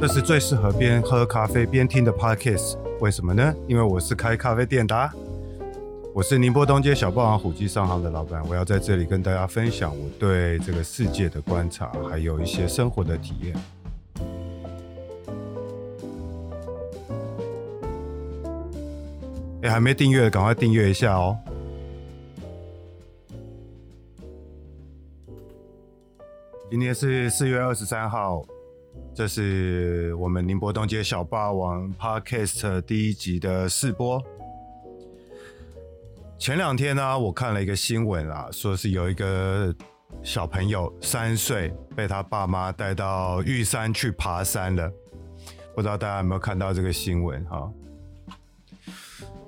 這是最適合邊喝咖啡邊聽的 podcast，為什麼呢？因為我是開咖啡店的啊，我是寧波東街小霸王虎記商行的老闆，我要在這裡跟大家分享我對這個世界的觀察，還有一些生活的體驗。哎，還沒訂閱的，趕快訂閱一下哦！今天是四月二十三號。這是我們寧波東街小霸王 Podcast 第一集的試播。前兩天呢、啊，我看了一個新聞啊，說是有一個小朋友三歲被他爸媽帶到玉山去爬山了，不知道大家有沒有看到這個新聞哈？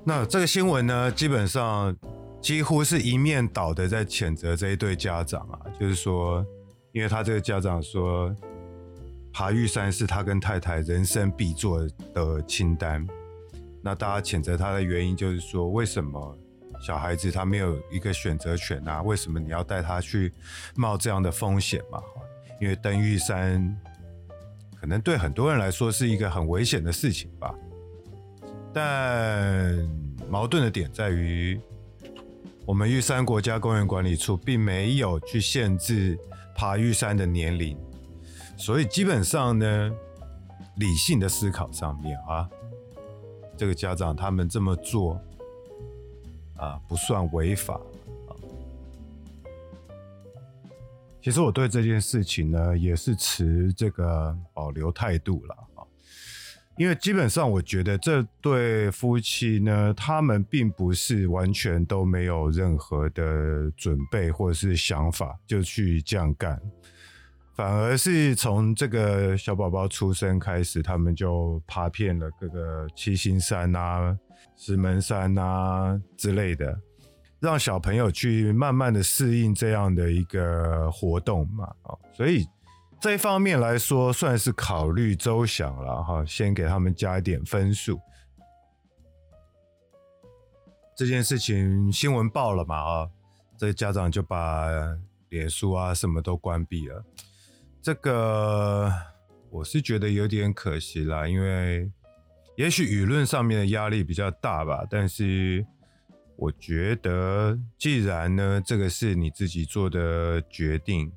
那這個新聞呢，基本上幾乎是一面倒的在譴責這一對家長啊，就是說，因為他這個家長說。爬玉山是他跟太太人生必做的清單。那大家譴責他的原因，就是說為什麼小孩子他沒有一個選擇權啊？為什麼你要帶他去冒這樣的風險嘛？因為登玉山可能對很多人來說是一個很危險的事情吧。但矛盾的點在於，我們玉山國家公園管理處並沒有去限制爬玉山的年齡。所以基本上呢，理性的思考上面啊，這個家長他們這麼做啊，不算違法啊。其實我對這件事情呢，也是持這個保留態度了啊。因為基本上我覺得這對夫妻呢，他們並不是完全都沒有任何的準備或者是想法，就去這樣幹。反而是從這個小寶寶出生開始，他們就爬遍了這個七星山啊、石門山啊之類的，讓小朋友去慢慢的適應這樣的一個活動嘛。所以這一方面來說算是考慮周詳了哈。先給他們加一點分數。這件事情新聞爆了嘛？啊，這家長就把臉書啊什麼都關閉了。這個我是覺得有點可惜啦，因為也許輿論上面的壓力比較大吧。但是我覺得，既然呢這個是你自己做的決定，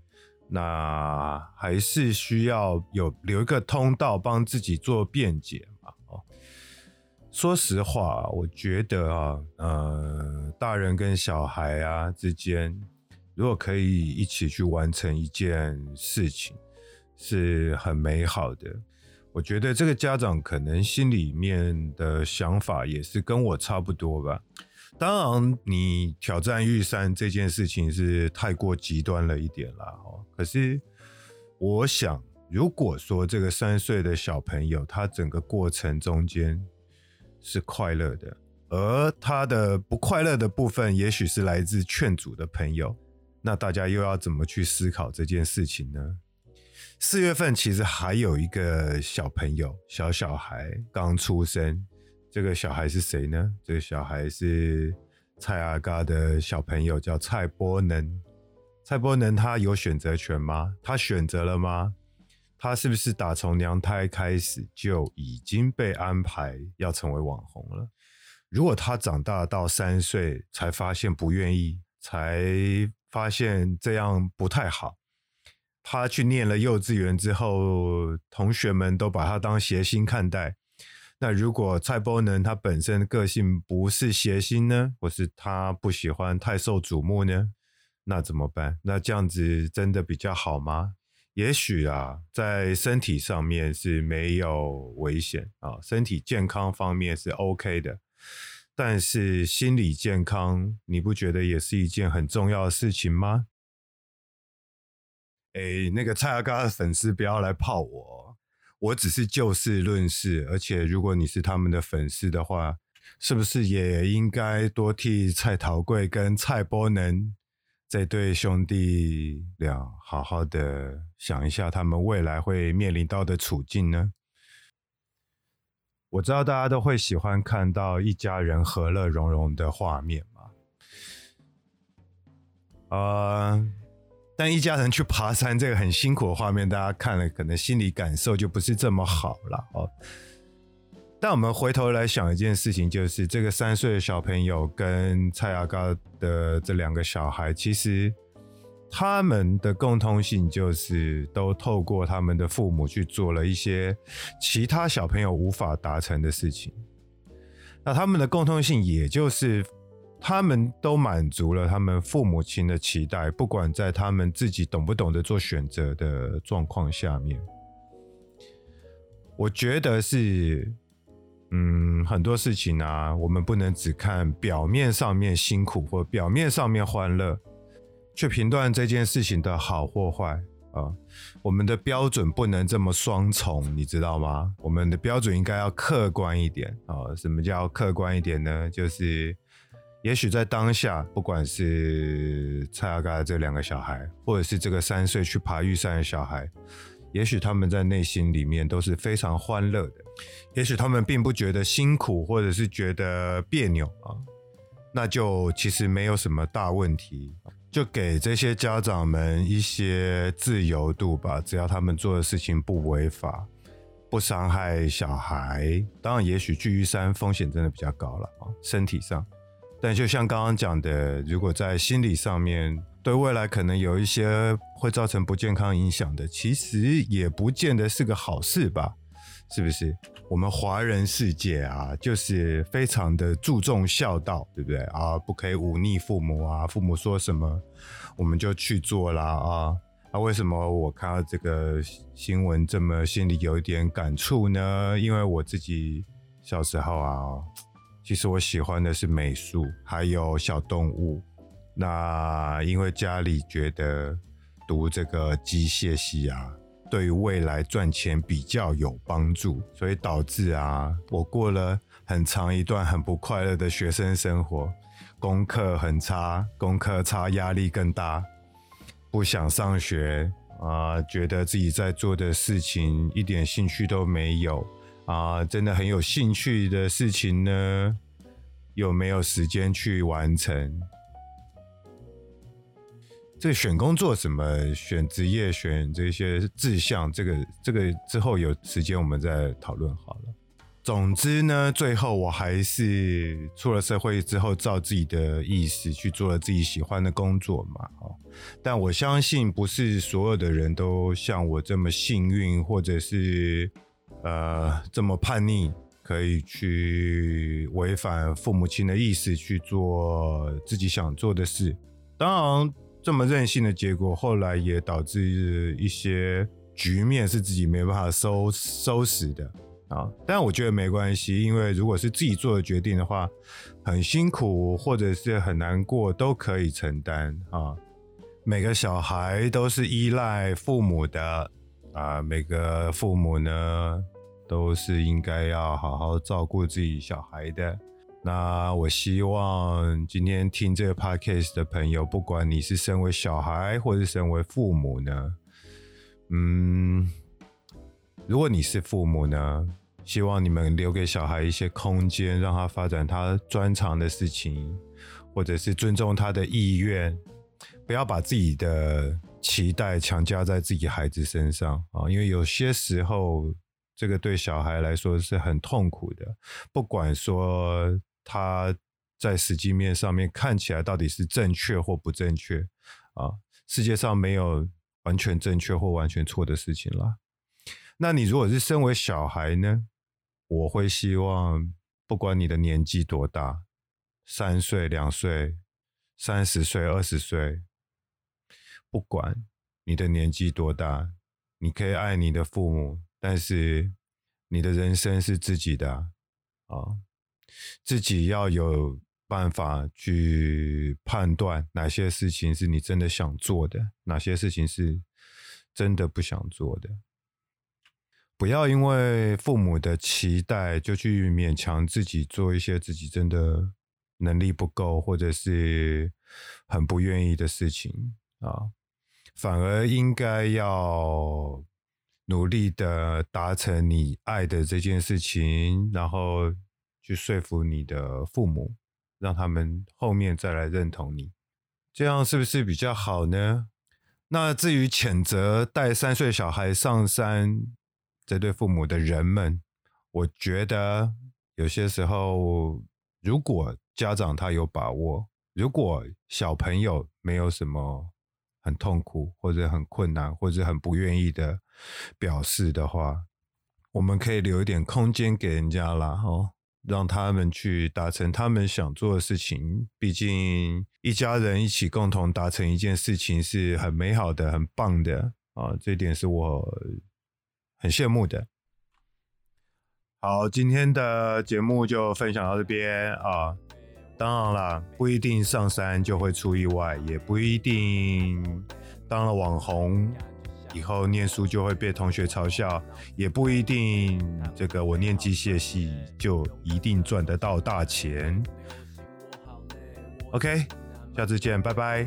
那還是需要有留一個通道幫自己做辯解嘛。哦，說實話，我覺得啊，呃，大人跟小孩啊之間。如果可以一起去完成一件事情，是很美好的。我覺得這個家長可能心裡面的想法也是跟我差不多吧。當然，你挑戰玉山這件事情是太過極端了一點啦。哦，可是我想，如果說這個三歲的小朋友他整個過程中間是快樂的，而他的不快樂的部分，也許是來自勸阻的朋友。那大家又要怎麼去思考這件事情呢？四月份其實還有一個小朋友，小小孩剛出生。這個小孩是誰呢？這個小孩是蔡阿嘎的小朋友，叫蔡波能。蔡波能他有選擇權嗎？他選擇了嗎？他是不是打從娘胎開始就已經被安排要成為網紅了？如果他長大到三歲才發現不願意，才。發現這樣不太好。他去念了幼稚園之後，同學們都把他當諧星看待。那如果蔡波能他本身個性不是諧星呢，或是他不喜歡太受矚目呢，那怎麼辦？那這樣子真的比較好嗎？也許啊，在身體上面是沒有危險啊，身體健康方面是 OK 的。但是心理健康，你不覺得也是一件很重要的事情嗎？哎，那個蔡阿嘎的粉絲不要來炮我，我只是就事論事。而且如果你是他們的粉絲的話，是不是也應該多替蔡桃貴跟蔡波能這對兄弟倆好好的想一下，他們未來會面臨到的處境呢？我知道大家都會喜歡看到一家人和樂融融的畫面嘛，呃，但一家人去爬山這個很辛苦的畫面，大家看了可能心裡感受就不是這麼好了哦。但我們回頭來想一件事情，就是這個三歲的小朋友跟蔡阿嘎的這兩個小孩，其實。他們的共通性就是都透過他們的父母去做了一些其他小朋友無法達成的事情。那他們的共通性，也就是他們都滿足了他們父母親的期待，不管在他們自己懂不懂得做選擇的狀況下面，我覺得是，嗯，很多事情啊，我們不能只看表面上面辛苦或表面上面歡樂。去評斷這件事情的好或壞啊、哦，我們的標準不能這麼雙重，你知道嗎？我們的標準應該要客觀一點啊、哦。什麼叫客觀一點呢？就是也許在當下，不管是蔡阿嘎這兩個小孩，或者是這個三歲去爬玉山的小孩，也許他們在內心裡面都是非常歡樂的，也許他們並不覺得辛苦，或者是覺得彆扭啊、哦，那就其實沒有什麼大問題。就給這些家長們一些自由度吧，只要他們做的事情不違法、不傷害小孩。當然，也許聚玉山風險真的比較高了啊，身體上。但就像剛剛講的，如果在心理上面，對未來可能有一些會造成不健康影響的，其實也不見得是個好事吧？是不是？我們華人世界啊，就是非常的注重孝道，對不對啊？不可以忤逆父母啊，父母說什麼我們就去做啦啊！那、啊、為什麼我看到這個新聞這麼心裡有一點感觸呢？因為我自己小時候啊，其實我喜歡的是美術，還有小動物。那因為家裡覺得讀這個機械系啊。對於未來賺錢比較有幫助，所以導致啊，我過了很長一段很不快樂的學生生活，功課很差，功課差壓力更大，不想上學啊，覺得自己在做的事情一點興趣都沒有啊，真的很有興趣的事情呢，有沒有時間去完成？對，選工作什麼，選職業，選這些志向，這個這個之後有時間我們再討論好了。總之呢，最後我還是出了社會之後，照自己的意思去做了自己喜歡的工作嘛。哦，但我相信不是所有的人都像我這麼幸運，或者是呃這麼叛逆，可以去違反父母親的意思去做自己想做的事。當然。這麼任性的結果，後來也導致一些局面是自己沒辦法收收拾的啊。但我覺得沒關係，因為如果是自己做的決定的話，很辛苦或者是很難過都可以承擔啊。每個小孩都是依賴父母的啊，每個父母呢都是應該要好好照顧自己小孩的。那我希望今天聽這個 Podcast 的朋友，不管你是身為小孩，或是身為父母呢，嗯，如果你是父母呢，希望你們留給小孩一些空間，讓他發展他專長的事情，或者是尊重他的意願，不要把自己的期待強加在自己孩子身上啊，因為有些時候，這個對小孩來說是很痛苦的，不管說。他在實際面上面看起來到底是正確或不正確啊，世界上沒有完全正確或完全錯的事情啦。那你如果是身為小孩呢？我會希望，不管你的年紀多大，三歲、兩歲、三十歲、二十歲，不管你的年紀多大，你可以愛你的父母，但是你的人生是自己的啊。自己要有辦法去判斷哪些事情是你真的想做的，哪些事情是真的不想做的。不要因為父母的期待就去勉強自己做一些自己真的能力不夠或者是很不願意的事情啊。反而應該要努力的達成你愛的這件事情，然後，去說服你的父母，讓他們後面再來認同你，這樣是不是比較好呢？那至於譴責帶三歲小孩上山這對父母的人們，我覺得有些時候，如果家長他有把握，如果小朋友沒有什麼很痛苦或者很困難或者很不願意的表示的話，我們可以留一點空間給人家啦，哦。讓他們去達成他們想做的事情，畢竟一家人一起共同達成一件事情是很美好的，很棒的啊！這點是我很羨慕的。好，今天的節目就分享到這邊啊！當然了，不一定上山就會出意外，也不一定當了網紅。以後念書就會被同學嘲笑，也不一定。這個我念機械系就一定賺得到大錢。OK，下次見，拜拜。